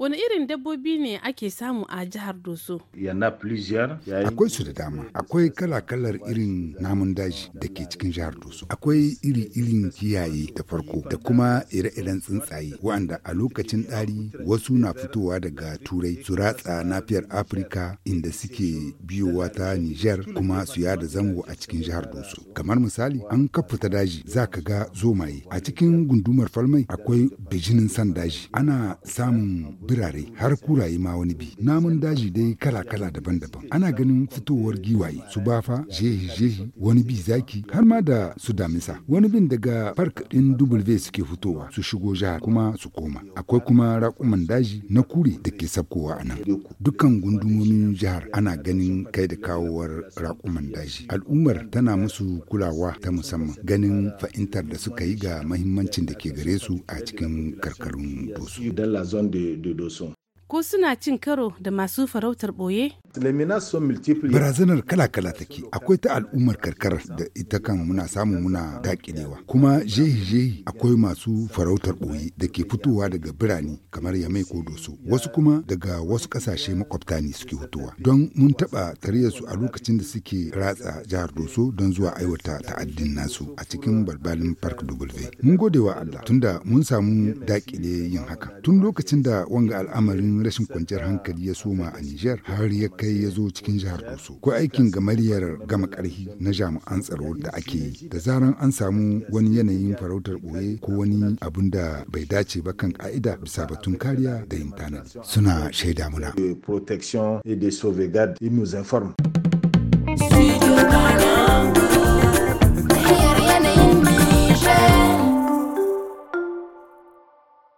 Wani irin dabbobi ne ake samu a jihar Doso? Akwai su da dama. Akwai kala-kalar irin namun daji da ke cikin jihar Doso. Akwai iri-irin kiyaye da farko da kuma ire-iren tsuntsaye wanda a lokacin ɗari wasu na fitowa daga Turai su ratsa nafiyar Afirka inda suke biyowa ta Nijar kuma su yada zango a cikin jihar Doso. Kamar misali an kafa daji za ka ga zomaye. A cikin gundumar falmai akwai bijinin san daji. Ana samun birare har kuraye ma wani bi namun daji dai kala kala daban-daban ana ganin fitowar giwaye su bafa jehi jehi wani bi zaki har ma da su damisa wani bin daga park din w suke fitowa su shigo jihar kuma su koma akwai kuma raƙuman daji na kure da ke sabkowa a nan dukkan gundumomin jihar ana ganin kai da kawowar raƙuman daji al'ummar tana musu kulawa ta musamman ganin fahimtar da suka yi ga mahimmancin da ke gare su a cikin karkarun dosu doso ko suna cin karo da masu farautar ɓoye Barazanar kala-kala take akwai ta al'ummar karkarar da ita kan muna samu muna dakilewa kuma jehi-jehi akwai masu farautar ɓoye da ke fitowa daga birane kamar yamai ko doso wasu kuma daga wasu ƙasashe makwabta ne suke fitowa don mun taɓa tarayyar su a lokacin da suke ratsa jihar doso don zuwa aiwata ta'addin nasu a cikin balbalin park w mun gode wa allah tunda mun samu dakile yin haka tun lokacin da wanga al'amarin rashin kwanciyar hankali ya soma a niger har ya kai ya zo cikin jihar doso ko aikin gamariyar gama karhi na jami'an tsaro da ake yi da zaran an samu wani yanayin farautar ɓoye ko wani abun da bai dace ba kan ƙa'ida bisa batun kariya da intanet suna shaida muna protection et de sauvegarde, il nous informe.